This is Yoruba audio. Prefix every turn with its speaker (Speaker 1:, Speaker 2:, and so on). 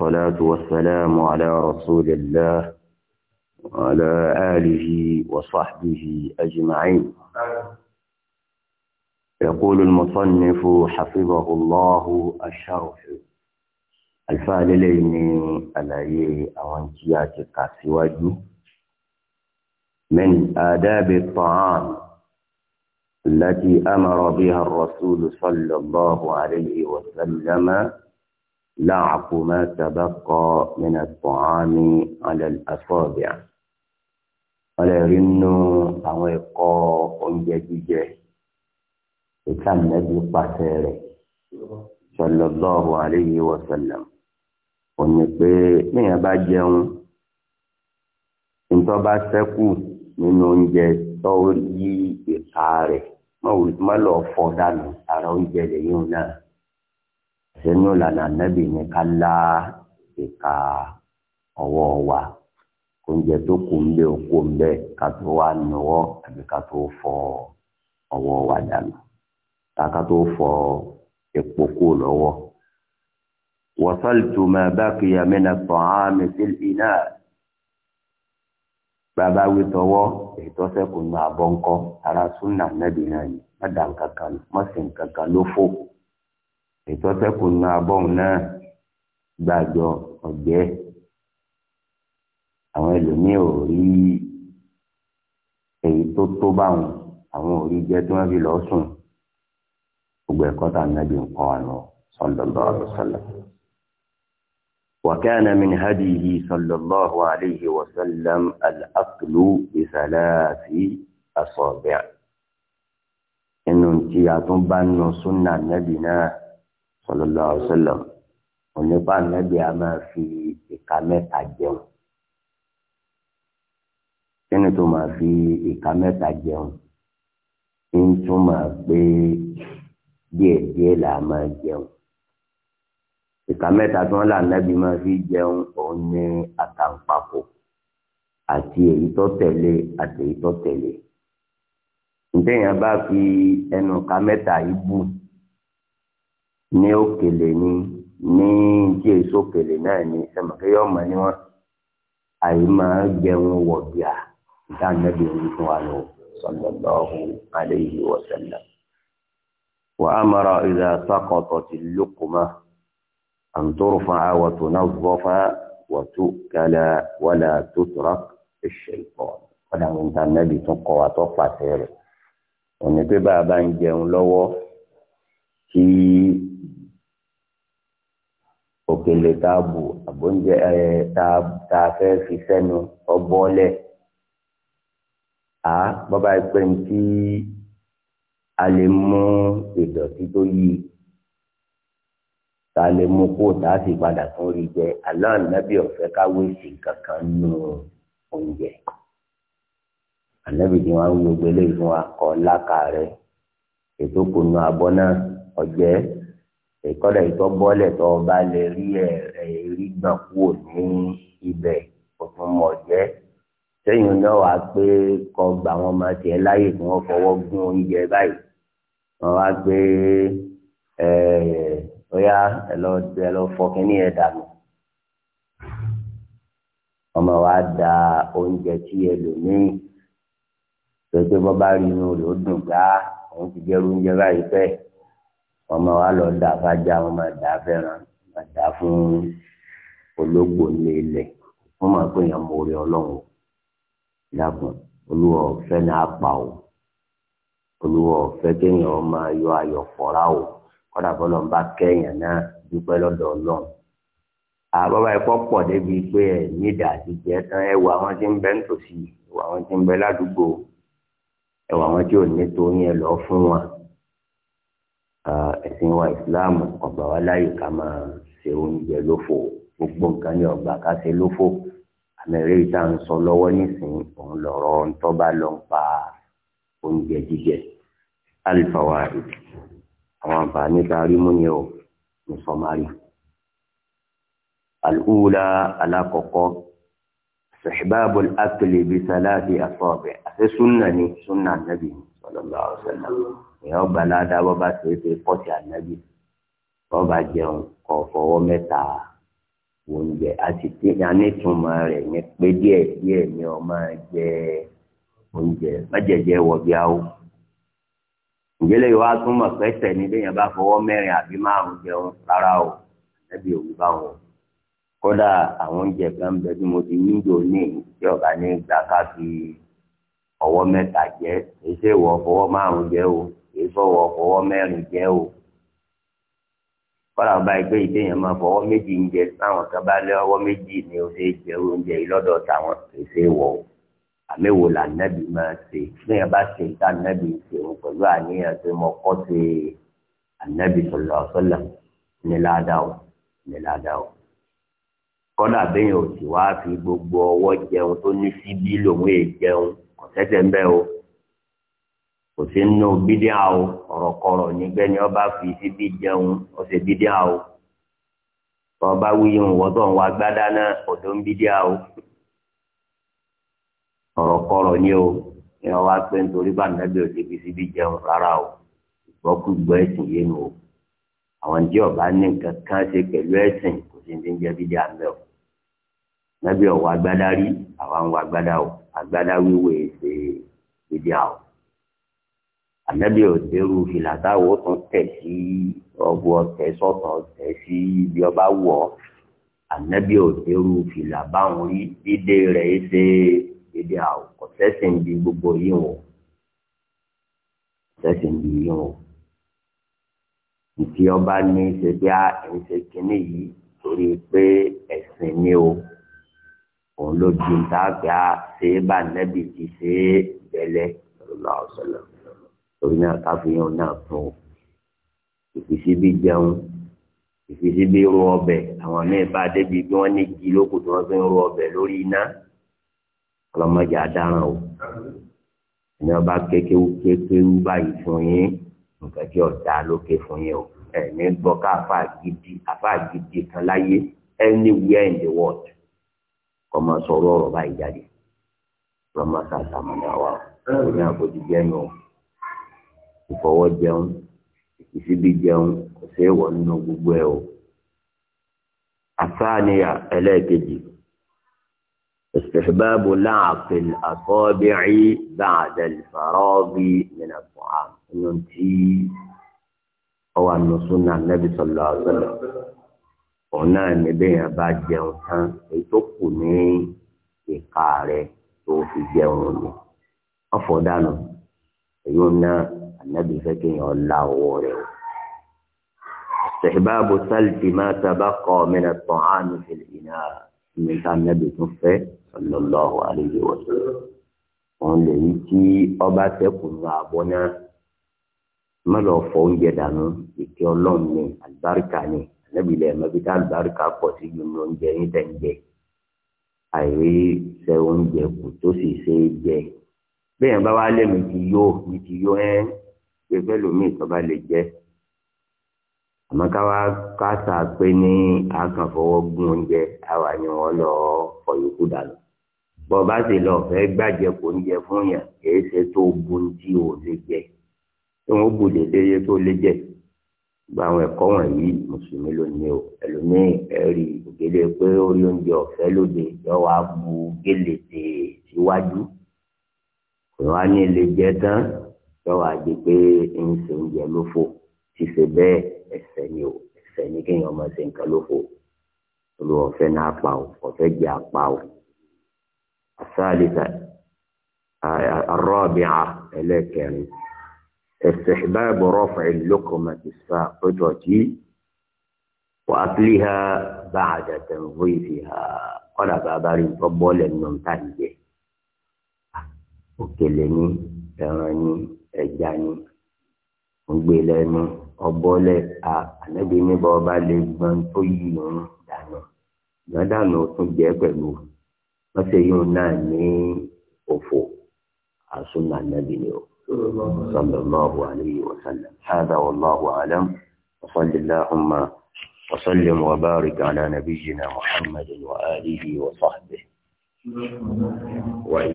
Speaker 1: والصلاة والسلام على رسول الله وعلى آله وصحبه أجمعين يقول المصنف حفظه الله الشرح الفعل لين علي أوانتيات كاسواجي من آداب الطعام التي أمر بها الرسول صلى الله عليه وسلم لعق ما تبقى من الطعام على الأصابع ولا رنوا أو يقا أنجدجه كان نبي قاسره صلى الله عليه وسلم ونبي من يباجون ntọ́ bá sẹ́kù nínú oúnjẹ tó yí ìka rẹ̀ má lọ fọ́ dànù ara sínú lànà nẹ́bì ní ká lá ìka ọwọ́ wa oúnjẹ tó kù ń bẹ òkú ń bẹ ká tó wá nọwọ́ àbí ká tó fọ ọwọ́ wa dànù ká tó fọ epo kú lọ́wọ́. wasaltu ma baqiya min at-ta'ami fil ina bàbá wí tọwọ́ ètò sẹ́kùn náà ara súnà nẹ́bì náà ni má dà nǹkan kan ló fò ètò ọ̀sẹ̀kùn abọ́hùn náà gbàjọ ọ̀gbẹ́ àwọn ẹlòmíì ò rí èyí tó tó báwọn àwọn ò jẹ́ tí wọ́n fi lọ́ọ́ sùn gbogbo ẹ̀kọ́ tá nàbí nǹkan àná sallallahu alaihi وكان من هديه صلى الله عليه وسلم الأكل بثلاث أصابع إن انتيات بان سنة نبينا sallallahu alaihi wasallam onípa nàbí a máa fi ìka mẹ́ta jẹun kíni tó máa fi ìka mẹ́ta jẹun ń túmọ̀ pé díẹ̀ díẹ̀ là á máa jẹun ìka mẹ́ta tí wọ́n là nàbí máa fi jẹun òun ní àtàǹpàkò àti èyí tó tẹ̀lé àti èyí tó tẹ̀lé ǹjẹ́ bá fi ẹnu ka mẹ́ta yìí bù ní òkèlè ni ní tí èso òkèlè náà ni ẹmọkẹyọ ọmọ ni wọn àyè máa jẹun wọ bíà ìdáǹdẹ́bí orí fún wa lọ sallallahu alayhi wa sallam. wa amara idha saqatat al-luqma an turfa'a wa tunazzafa wa tu'kala wa la tutrak ash-shaytan. kọ́dà ń ta nẹ́bí kọ́ wa tó pàṣẹ rẹ̀ òní pé bàbá ń jẹun lọ́wọ́ tí òkèlè táàbù àbóúnjẹ ẹ tá a fẹ́ fi sẹ́nu ọbọ̀ọ́lẹ̀ à bọ́bá ẹgbẹ́ ní tí a lè mú ìdọ̀tí tó yí tá a lè mú kó tá a sì padà tún rí jẹ àlọ́ ànábì ọ̀fẹ́ káwé sí kankan nù oúnjẹ ànábì tí wọ́n ń gbogbo eléyìí fún wa kọ́ lákàá rẹ̀ ètò kùnú abọ́ náà ọ̀jẹ́ ìkọ́dà ìtọ́ bọ́lẹ̀ tó o bá lè rí ẹ̀ rí gbà kúrò ní ibẹ̀ òtún mọ̀ jẹ́ sẹ́yìn náà wá pé kọ gbà wọn máa tiẹ̀ láàyè kí wọ́n fọwọ́ gún oúnjẹ báyìí wọ́n wá pé bóyá ẹ lọ ẹ lọ fọ kínní ẹ dànù ọmọ wa da oúnjẹ tí ẹlòmíì pé pé bọ́ bá rí inú rẹ̀ ó dùn gbá ah, òun ti jẹ́rú oúnjẹ báyìí bẹ́ẹ̀ wọn máa wá lọ dà fájà wọn máa dà fẹ́ràn máa dà fún ológbò ní ilẹ̀ wọn máa pè yàn mórí ọlọ́run yàgùn olúwa ọ̀fẹ́ ní apá o olúwa ọ̀fẹ́ kéèyàn máa yọ ayọ̀ fọ́ra o kọ́dà bọ́lọ̀ ń bá kẹ́yàn náà dúpẹ́ lọ́dọ̀ ọlọ́run àbọ̀bá ẹ̀kọ́ pọ̀ débi pé ẹ̀ nídà àti jẹ́ tán ẹ wà wọn tí ń bẹ nítòsí ẹ wà wọn tí ń bẹ ládùúgbò ẹ wà wọn tí ò ní torí ẹ lọ fún wọn ẹ̀sìn wa ìsìláàmù ọ̀gbà wa láyè ká máa ṣe oúnjẹ lófò gbogbo nǹkan ní ọ̀gbà ká ṣe lófò àmẹ́rẹ́ ìta ń sọ lọ́wọ́ nísìnyí òun lọ̀rọ̀ ntọ́ba lọ ń pa oúnjẹ jíjẹ alifawa àwọn àǹfààní tá a rí mú ni o ní sọmárì. al'ula alakọ̀kọ́ sèxbáàbù akele bíi sàlàdì àfọ̀bẹ̀ àti sunna ni sunna nàbì sọlọ́lá ọ̀sẹ̀lá èèyàn ọgbà ládàá bọ́ bá ṣe é ṣe pọ́ọ̀tì ànábì bọ́ bá jẹun kọ́ fọwọ́ mẹ́ta oúnjẹ àti tí a nítumọ̀ rẹ̀ ní pé díẹ̀ díẹ̀ ni ọ máa jẹ oúnjẹ májèjẹ wọ̀bí àwọ̀ ìjẹ́lẹ̀ yìí wá túmọ̀ pẹ́sẹ̀ ní bẹ́yẹn bá fọwọ́ mẹ́rin àbí márùn jẹun rárá o ẹbí òbí bá wọn kódà àwọn oúnjẹ kan bẹ bí mo ti níjò ní ìjọba ní gbàkà fi ọwọ́ mẹ́ta jẹ́ èsè wọ fọwọ́ márùn jẹ́ o èsè wọ fọwọ́ mẹ́rin jẹ́ o kọ́lá ọba ẹgbẹ́ ìdéyàn máa fọwọ́ méjì ń jẹ táwọn kan bá lé ọwọ́ méjì ni ó ṣe jẹ oúnjẹ yìí lọ́dọ̀ táwọn èsè wọ o là nẹ́bi máa ṣe lẹ́yìn bá ṣe ká nẹ́bi ṣeun pẹ̀lú àníyàn pé mo kọ́ ṣe ànẹ́bi sọ̀lọ̀ sọ̀lọ̀ ní o ní o kọ́lá bẹ́yìn òsì wá fi gbogbo ọwọ́ jẹun tó ní síbí lòun èè jẹun tẹ́tẹ̀ o kò sí nínú bídíà o ọ̀rọ̀kọ̀rọ̀ nígbẹ́ ni ọba fi bí jẹun ọ̀sẹ̀ bídíà o ọba wíyí ń wá gbádá náà ọ̀dọ́ ń o ọ̀rọ̀kọ̀rọ̀ ni o ọba pé nítorí bá nàbẹ̀ ò síbi síbi jẹun rárá o ìgbọ́kúgbọ́ ẹ̀sìn yé nu o àwọn tí ọba ní nǹkan kan ṣe pẹ̀lú ẹ̀sìn kò sí ní o rí àwa ń wá o. agbádá wíwò èsè ìdí àwọn ànábì òṣèlú fìlà táwọn ó tún tẹ̀ sí ọgbọ ọtẹ sọtọ ọtẹ sí ibi ọba wọ ànábì òṣèlú fìlà báwọn rí dídé rẹ ṣe dédé àwọn ọ̀sẹ̀sìn di gbogbo yìí wọn ọ̀sẹ̀sìn di yìí wọn ìfi ọba ní ṣe bí a ń ṣe kínní yìí torí pé ẹ̀sìn ni o òun ló ju táàgbé a ṣe é bá nẹ́bí ti ṣe é bẹ̀lẹ́ lọ́la ọ̀sọ̀lọ̀ torí náà káfíńyàn náà fún un ìfisí bí jẹun ìfisí bí ro ọbẹ̀ àwọn míì bá débi bí wọ́n ní igi lóko tí wọ́n fi ń ro ọbẹ̀ lórí iná ọlọ́mọdé adaràn o ẹni ọba kékeré kékeré báyìí fún yín nǹkan tí ọ̀dà lókè fún yín o ẹ̀mí gbọ́ ká àfa gidi àfa gidi kan láyé anywhere in the world kọ́ máa sọ̀rọ̀ ọ̀rọ̀ báyìí jáde lọ́mọ sàtà mọ́nà wa kò ní àbójú jẹ́yìn o ìfọwọ́ jẹun ìsíbí jẹun kò sí nínú gbogbo ẹ o. àsáàníyà ẹlẹ́ẹ̀kejì استحباب لعق الأصابع بعد الفراغ من الطعام. إنه أو أن سنة النبي صلى الله عليه وسلم òun náà ní bẹ́ẹ̀ yẹn bá jẹun tán èyí tó kù ní ìka rẹ̀ tó fi jẹun ni wọ́n dànù èyí ò ná ànábì fẹ́ kéèyàn la ọwọ́ rẹ̀ o. استحباب سلب ما تبقى من الطعام في الإناء من كان النبي صفه صلى الله عليه وسلم òun lè yí tí ọba sẹ́kù ń àbọ̀ náà má lọ fọ oúnjẹ dànù ìkẹ́ ọlọ́run ní àlùbáríkà ní níbi ilẹ̀ mẹ́fíta àlùbáríkà pọ̀ sí gbogbo oúnjẹ yín tẹ̀ ń jẹ àìrí sẹ oúnjẹ kù tó sì ṣe é jẹ bẹ́ẹ̀ bá wá lé mi ti yó mi ti yó ẹ́ pé fẹ́lò mi ìtọ́ba lè jẹ́ àmọ́ ká wá kásà pé ní akànfọwọ́ gún oúnjẹ àwa ni wọ́n lọ fọyókù dànù bọ́ bá sì lọ fẹ́ gbàjẹ kò ń jẹ fún yàn kì í ṣe tó gun tí ò lè jẹ tí wọ́n bù dédé yẹ tó lè jẹ gba àwọn ẹ̀kọ́ wọ̀nyí mùsùlùmí lónìí o ẹlòmíì ẹ̀rí ìgbélé pé ó rí oúnjẹ ọ̀fẹ́ lóde yóò wá bu gèlè tè síwájú kò wá ní ilé jẹ tán yóò wá di pé ń ṣe oúnjẹ lófo ṣíṣe bẹ́ẹ̀ ẹ̀ṣẹ̀ ni o ẹ̀ṣẹ̀ ni kéèyàn máa ṣe nǹkan lófo olùwọ̀ ọ̀fẹ́ náà pa o ọ̀fẹ́ jẹ́ apá o. àṣà àlìsà àrọ́ọ̀bì à ẹlẹ́kẹrin. استحباب رفع اللقمة الساقطة وأكلها بعد تنظيفها قال بابا طبول النوم تانجي òkèlè ní ẹran ní ẹja ní gbogbo lẹnu ọbọlẹ a ànábi níbọ ọba lè gbọn tó yí òun dànù gbọdànù tún jẹ pẹ̀lú wọn ṣe yóò náà ní òfò àsùnà ànábi ni o. صلى الله عليه وسلم هذا والله أعلم وصل اللهم وسلم وبارك على نبينا محمد وآله وصحبه